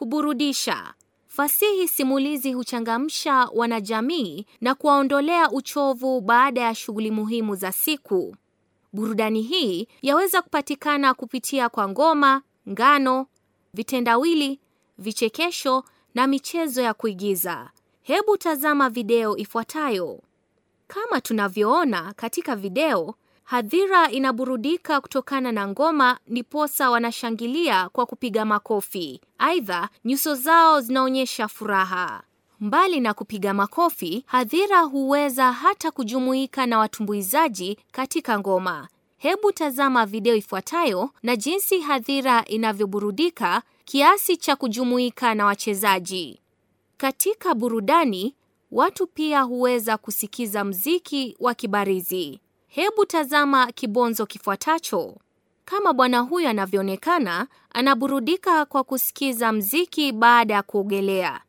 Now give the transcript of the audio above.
kuburudisha. Fasihi simulizi huchangamsha wanajamii na kuwaondolea uchovu baada ya shughuli muhimu za siku. Burudani hii yaweza kupatikana kupitia kwa ngoma, ngano, vitendawili, vichekesho na michezo ya kuigiza. Hebu tazama video ifuatayo. Kama tunavyoona katika video, Hadhira inaburudika kutokana na ngoma, ndiposa wanashangilia kwa kupiga makofi. Aidha, nyuso zao zinaonyesha furaha. Mbali na kupiga makofi, hadhira huweza hata kujumuika na watumbuizaji katika ngoma. Hebu tazama video ifuatayo na jinsi hadhira inavyoburudika kiasi cha kujumuika na wachezaji. Katika burudani, watu pia huweza kusikiza mziki wa kibarizi. Hebu tazama kibonzo kifuatacho. Kama bwana huyo anavyoonekana, anaburudika kwa kusikiza mziki baada ya kuogelea.